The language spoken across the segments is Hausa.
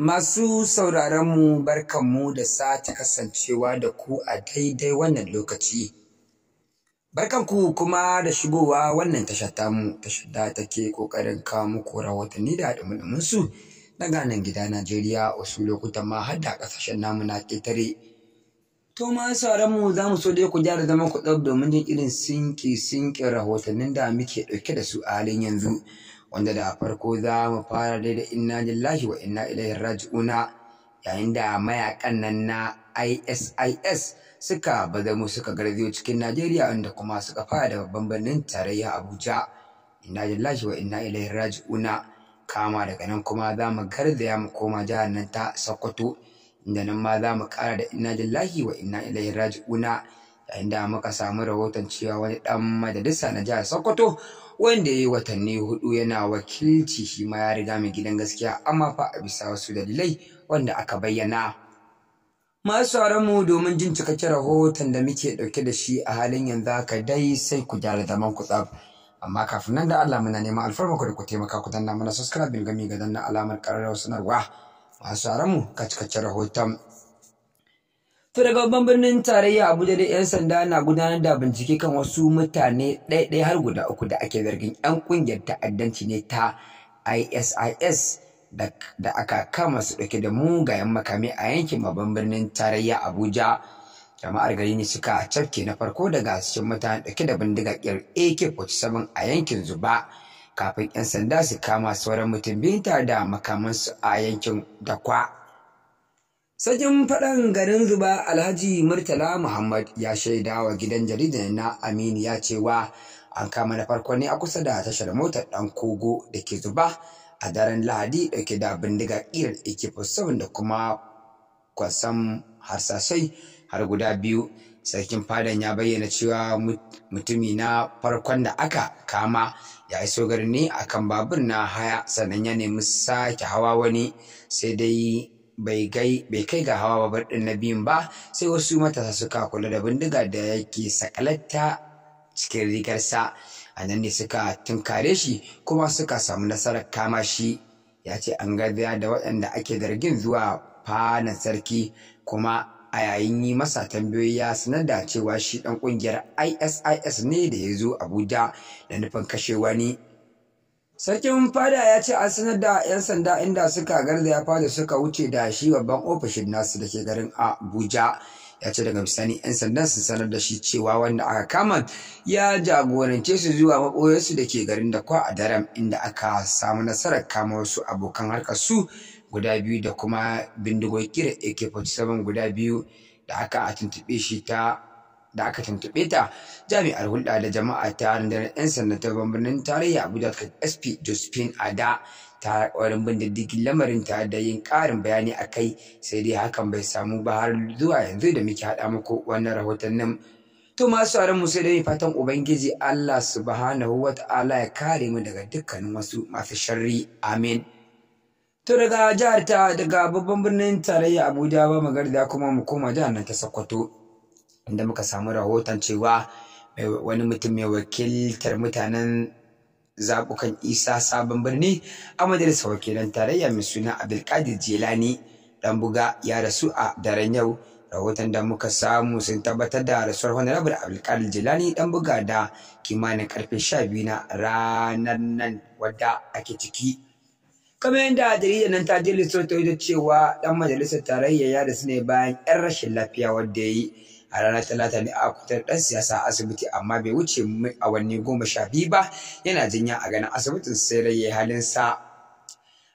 Masu sauraronmu barkanmu da sake kasancewa da ku a daidai wannan lokaci. Barkanku kuma da shigowa wannan tasha tamu, tashar da take ƙoƙarin kawo muku rahotanni da haɗin na nan gida Najeriya wasu lokutan ma har da ƙasashen namu na ƙetare. To ma sauranmu za mu so dai ku gyara zama ku ɗau domin jin irin sinki sinki rahotannin da muke ɗauke da su a halin yanzu. wanda da farko za mu fara dai da inna lillahi wa inna ilaihi raji'una yayin da mayakan nan na ISIS suka bazamu suka garzayo cikin Najeriya inda kuma suka fara da babban birnin tarayya Abuja inna lillahi wa inna ilaihi raji'una kama daga nan kuma za mu garzaya mu koma jihar nan ta Sokoto inda nan ma za mu ƙara da inna lillahi wa inna ilaihi raji'una yayin da muka samu rahoton cewa wani ɗan majalisa na jihar Sokoto wanda ya yi watanni hudu yana wakilci shi ma ya riga mai gidan gaskiya amma fa a bisa wasu dalilai wanda aka bayyana masu mu domin jin cikakken rahoton da muke ɗauke da shi a halin yanzu haka dai sai ku gyara zaman ku tsab amma kafin nan da Allah muna neman alfarma ku da ku taimaka ku danna mana subscribe gami ga danna alamar ƙararrawar sanarwa masu mu ka cikakken rahoton To birnin tarayya Abuja da 'yan sanda na gudanar da bincike kan wasu mutane ɗaya har guda uku da ake zargin 'yan ƙungiyar ta'addanci ne ta ISIS da aka kama su ɗauke da mugayen makami a yankin babban birnin tarayya Abuja. Jama'ar gari ne suka cafke na farko daga cikin mutane ɗauke da bindiga ƙyar AK-47 a yankin Zuba. Kafin 'yan sanda su kama sauran mutum biyu tare da makamansu a yankin Dakwa. Sajin faɗan garin zuba Alhaji Murtala Muhammad ya shaida wa gidan jaridar na Aminu ya cewa an kama na farko ne a kusa da tashar motar ɗan kogo da ke zuba a daren Lahadi ɗauke da bindiga ƙirar AK-47 da kuma kwasam harsashai har guda biyu. Sarkin fadan ya bayyana cewa mutumi na farkon da aka kama ya iso garin ne akan babur na haya sannan ya nemi sake hawa wani sai dai bai kai ga hawa babur ɗin na biyun ba sai wasu matasa suka kula da bindiga da yake sakalatta cikin rigarsa a nan ne suka tunkare shi kuma suka samu nasarar kama shi ya ce an garzaya da waɗanda ake zargin zuwa fanan sarki kuma a yayin yi masa tambayoyi ya sanar da cewa shi ɗan ƙungiyar isis ne da ya zo abuja da nufin kashe wani sarkin fada ya ce an sanar da 'yan sanda inda suka garzaya fada suka wuce da shi babban ofishin nasu da ke garin abuja ya ce daga bisani 'yan sanda sun sanar da shi cewa wanda aka kama ya jagorance su zuwa maɓoyarsu da ke garin da kwa a daren inda aka samu nasarar kama wasu abokan harkar su guda biyu da kuma bindigogi da ak-47 guda biyu da aka a tuntuɓe shi ta da aka tuntuɓe ta jami'ar hulɗa da jama'a ta rundunar 'yan sanda ta birnin tarayya abuja sp josephine ada ta ƙwarin bin diddigin lamarin ta da yin ƙarin bayani a kai sai dai hakan bai samu ba har zuwa yanzu da muke haɗa muku wannan rahoton to masu tsaron mu sai dai fatan ubangiji allah subhanahu wa ta'ala ya kare mu daga dukkanin wasu masu sharri amin To daga jihar ta daga babban birnin tarayya Abuja ba da kuma mu koma jihar nan ta Sokoto. inda muka samu rahoton cewa wani mutum mai wakiltar mutanen zaɓukan isa sabon birni a majalisar wakilan tarayya mai suna abdulkadir jelani dan buga ya rasu a daren yau rahoton da muka samu sun tabbatar da rasuwar honorable abdulkadir jelani dan buga da kimanin karfe sha biyu na ranar nan wadda ake ciki kamar yadda jaridar nan ta je ta cewa ɗan majalisar tarayya ya rasu ne bayan 'yan rashin lafiya wadda ya yi a ranar talata ne a kutar ɗan siyasa asibiti amma bai wuce awanni goma sha biyu ba yana jinya a ganin asibitin sai rai halin sa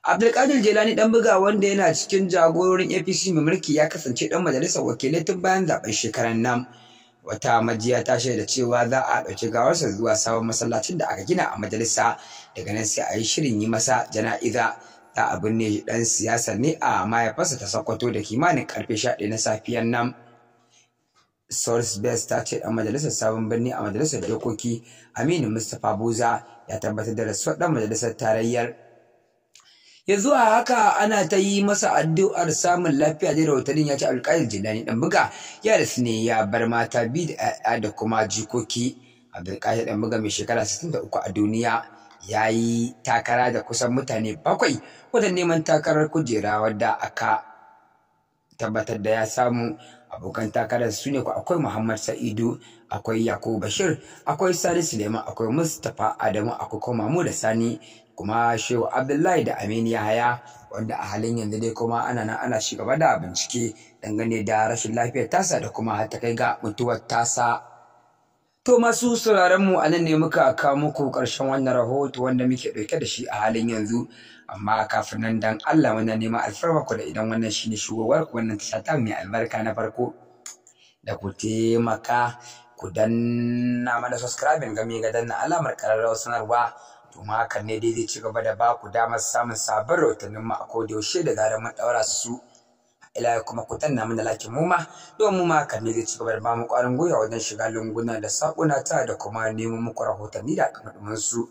Abdulkadir Jelani dan buga wanda yana cikin jagororin APC mai mulki ya kasance dan majalisar wakilai tun bayan zaben shekaran nan. Wata majiya ta shaida cewa za a ɗauki gawarsa zuwa sabon masallacin da aka gina a majalisa daga nan sai a yi shirin yi masa jana'iza. Za a binne ɗan siyasa ne a mahaifarsa ta Sokoto da kimanin karfe 11 na safiyar nan. Best ta ce ɗan majalisar sabon birni a majalisar dokoki Aminu Mustapha Buza ya tabbatar da rasuwar ɗan majalisar tarayyar. Ya zuwa haka ana ta yi masa addu'ar samun lafiya da rahotannin ya ci alƙalin Jilani ɗan buga ya rasu ne ya bar mata biyu da da kuma jikoki. Abdulkadir ɗan buga mai shekara 63 a duniya ya yi takara da kusan mutane bakwai wajen neman takarar kujera wadda aka tabbatar da ya samu abokan takarar su ne ku akwai Muhammad Sa'idu akwai Yakubu Bashir akwai Sani Suleiman akwai Mustapha Adamu akwai kuma mu da Sani kuma Shehu Abdullahi da Aminu Yahaya wanda a halin yanzu dai kuma ana nan ana gaba da bincike dangane da rashin lafiyar tasa da kuma har ta kai ga mutuwar tasa To masu mu a nan ne muka kawo muku ƙarshen wannan rahoto wanda muke ɗauke da shi a halin yanzu. Amma kafin nan dan Allah muna neman alfarma ku da idan wannan shine shugabar wannan tasha ta mai albarka na farko. Da ku taimaka ku danna mana subscribing game ga danna alamar ƙararrawar sanarwa. To ma hakan ne dai zai ci gaba da ba ku damar samun sabon rahotannin mu a koda yaushe da zarar mun ɗaura su. ila kuma ku tanna mana lakin mu ma don mu kan zai ci gaba da ba mu ƙwarin gwiwa wajen shiga lunguna da saƙuna ta da kuma neman muku rahotanni da kamar su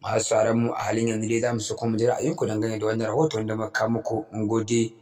masu mu a halin yanzu dai za mu so kuma mu ji ra'ayinku dangane da wannan rahoton da muka muku mun gode